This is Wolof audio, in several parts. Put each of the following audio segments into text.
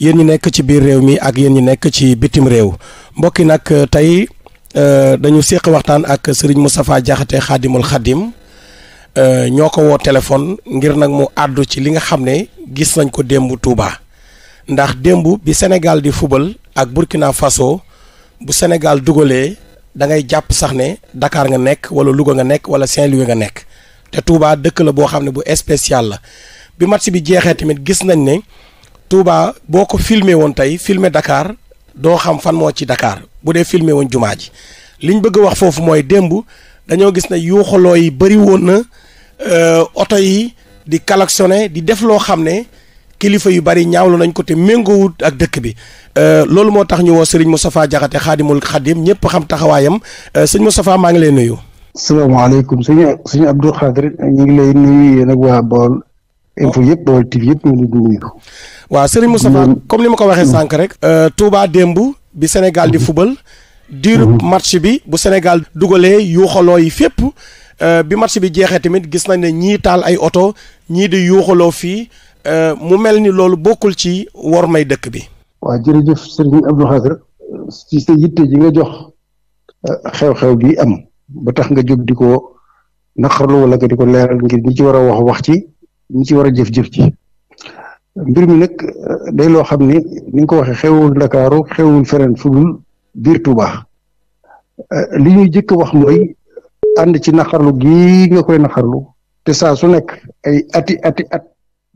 yéen ñi nekk ci biir réew mi ak yéen ñi nekk ci bitim réew mbokk yi nag euh, tey euh, dañu séq waxtaan ak Serigne Moustapha Diakhaté xaadimul xadim euh, ñoo ko woo téléphone ngir nag mu àddu ci li nga xam ne gis nañ ko démb Touba ndax démb bi Sénégal di fubal ak Burkina Faso bu Sénégal dugalee da ngay jàpp sax ne Dakar nga nekk wala Louga nga nekk wala Saint-Louis nga nekk te Touba dëkk la boo xam ne bu spécial la bi match bi jeexee tamit gis nañ ne. Touba boo ko filmé woon tey filmé dakaar doo xam fan moo ci dakaar bu dee filmé woon jumaa ji liñ bëgg a wax foofu mooy démb dañoo gis na yuuxaloo yi bëri woon na euh, oto yi di klaxonné di def loo xam ne kilifa yu bari ñaawlu nañ ko te méngoowut ak dëkk bi euh, loolu moo tax ñu woo Serigne Moustapha Diakhaté xaadimul xadim ñëpp xam taxawaayam euh, sëñ Moustapha maa ngi lay nuyu. salaamaaleykum sëñ sëñ Abdou Khadre ñu lay nuyu yéen ak waa Baol info yëpp Baol TV yëpp waaw Serigne Moustapha comme ni ma ko waxee mm-hmm. sànq rek. Euh, Touba démb bi senegal di mm-hmm. fubal. diiru mm-hmm. match bi bu senegal dugalee yuuxaloo yi fépp. Euh, bi match bi jeexee tamit gis nañ ne ñii taal ay oto ñii di yuuxaloo fii euh, mu mel ni loolu bokkul ci wor may dëkk bi. waaw jërëjëf Serigne Abdou Khadre ci sa yitte ji nga jox xew-xew bi am ba tax nga jóg di ko naqarlu wala nga di ko leeral ngir ñi ci war a wax wax ci. ñu ci war a jëf-jëf mbir mi nag euh, day loo xam ne ni nga ko waxee xewul ndakaaru xewul feneen fudul biir Touba euh, li ñuy jëkk wax mooy ànd ci naqarlu gii nga koy naqarlu te saa su nekk ay ati ati at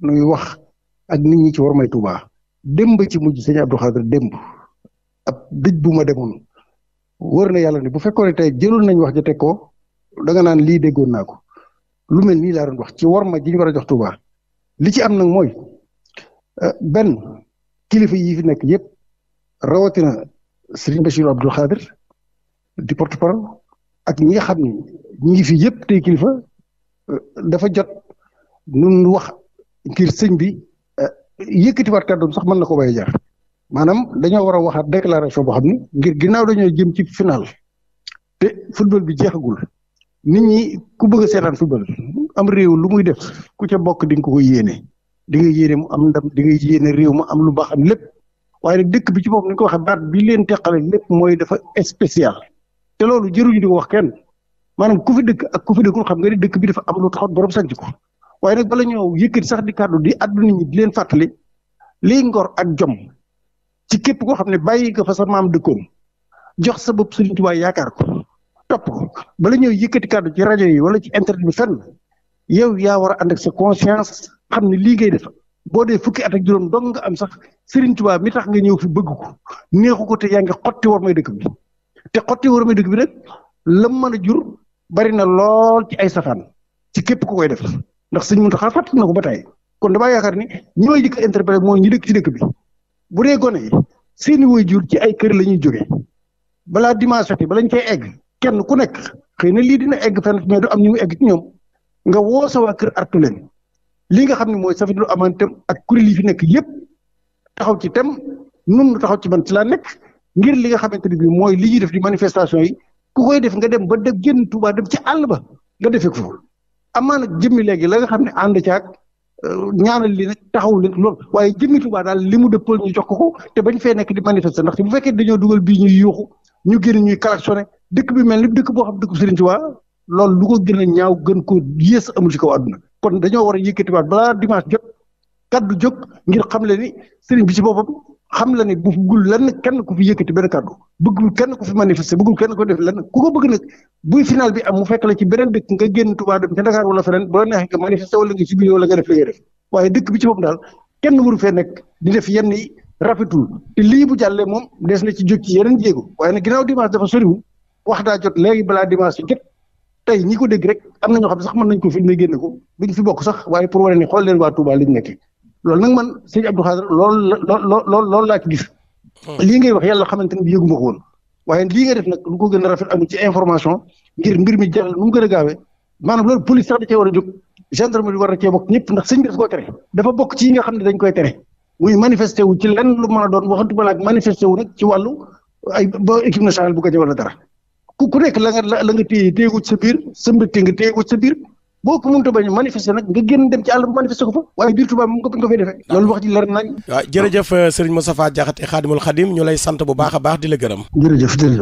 nuy wax ak nit ñi ci war may Touba démb ci mujj sëñ Abdou Khadre démb ab dëj bu ma demoon wër na yàlla ne bu fekkoon tey jëlul nañ wax ja teg ko da nga naan lii déggoon naa ko lu mel nii laa doon wax ci worma ji ñu war a jox Touba li ci am nag mooy euh, benn kilifa yi fi nekk yëpp rawatina Serigne Bassirou Abdou Khadir di porte parole ak ñi nga xam ni ñi ngi fi yëpp tey kilifa euh, dafa jot nun wax ngir sëñ bi euh, yëkkatiwaat kàddoom sax mën na ko bàyyi jaar maanaam dañoo war a waxaat déclaration boo xam ni ngir ginnaaw dañoo jëm ci final te football bi jeexagul nit ñi ku bëgg a seetaan football am réew lu muy def ku ca bokk di nga ko yéene di nga yéene mu am ndam di nga yéene réew ma am lu baax am lépp waaye nag dëkk bi ci boppam ni ko waxee baat bi leen teqale lépp mooy dafa spécial te loolu jëruñu di wax kenn maanaam ku fi dëkk ak ku fi dëkkul xam nga ni dëkk bi dafa am lu taxaw borom sanc ko waaye nag bala ñoo yëkkati sax di kàddu di àdduna ñi di leen fàttali lii ngor ak jom ci képp koo xam ne bàyyi nga fa sax maam dëkkoon jox sa bopp Sëriñ Tuubaa yaakaar ko topp ko bala ñëw kàddu ci rajo yi wala ci internet bi fenn yow yaa war a ànd ak sa conscience xam ne liggéey ngay def boo dee fukki at ak juróom dong nga am sax Serigne tubaab mi tax nga ñëw fi bëgg ko neexu ko te yaa ngi xotti war may dëkk bi te xotti war may dëkk bi nag lam mën a jur bari na lool ci ay safaan ci képp ku koy def ndax Serigne Mountakha fàttali na ko ba tey kon damaa yaakaar ni ñooy jëkk a interpellé mooy ñu dëkk ci dëkk bi bu dee gone yi seeni way jur ci ay kër la ñuy jógee balaa dimanche fati bala ñu koy egg kenn ku nekk xëy na lii dina egg fenn mais du am ñu egg ci ñoom nga woo sa kër artu leen li nga xam ne mooy Safinatoul Amane tam ak kuréel yi fi nekk yépp taxaw ci tem nun taxaw ci man ci laa nekk ngir li nga xamante ne bii mooy ñuy def di manifestation yi ku koy def nga dem ba dem génn dem ci àll ba nga defee ko foofu amaana jëmmi léegi la nga xam ne ànd caag euh, ñaanal li nag taxaw li loolu waaye jëmmi Touba daal li mu dëppal ñu jox ko te bañ fee nekk di manifester ndaxte bu fekkee dañoo dugal bii ñuy yuuxu ñu génn ñuy klaxonné dëkk bi mel ni dëkk boo xam dëkk Serigne Touba loolu lu ko gën a ñaaw gën ko yées amul ci kaw àdduna kon dañoo war a yëkkatiwaat balaa dimanche jot kaddu jóg ngir xam le ni sëriñ bi ci boppam xam la ni bu bëggul lenn kenn ku fi yëkkati benn kaddu bëggul kenn ku fi manifester bëggul kenn ko def lenn ku ko bëgg nag buy final bi la ci beneen dëkk nga génn Tuubaa dem ca Dakar wala nga manifester wala nga subir wala nga def li ngay def waaye dëkk bi ci boppam daal kenn waru fee nekk di def yenn yi rafetul te lii bu jàllee moom des na ci jóg ci yeneen jéego waaye nag ginnaaw dimanche dafa soriwu wax daa jot léegi balaa dimanche jot tey ñi ko dégg rek am na ñoo xam ne sax mën nañ ko fi ne génne ko duñ fi bokk sax waaye pour wane ni xool leen waa Touba liñ nekk loolu nag man sëñ Abdou Khadre laa ci gis. Hmm. lii ngay wax yàlla xamante ne bi yëgu ma ko woon. waaye lii nga def nag lu ko gën a rafet information ngir mbir mi jaral nu mu gën a gaawee maanaam loolu police sax da cee war a jóg gendarmerie war na cee bokk ñëpp ndax sëñ bi koo tere. dafa bokk ci nga xam ne dañ koy tere muy manifester wu ci lenn lu mën a doon waxatuma la ak manifester wu nag ci wàllu ay ba équipe nationale bu gañe wala dara ku ku nekk la nga la nga téye téye sa biir sa mbégte nga téye sa biir boo ko mënut a bañ manifester nag nga génn dem ci àll bi manifester ko fa waaye biir tubaab mu ngi ko bañ ko fay loolu wax ji leer nañ. waaw jërëjëf euh, Serigne Moustapha Diakhaté Khadimul Khadim ñu lay sant bu baax a baax di la gërëm. jërëjëf jërëjëf.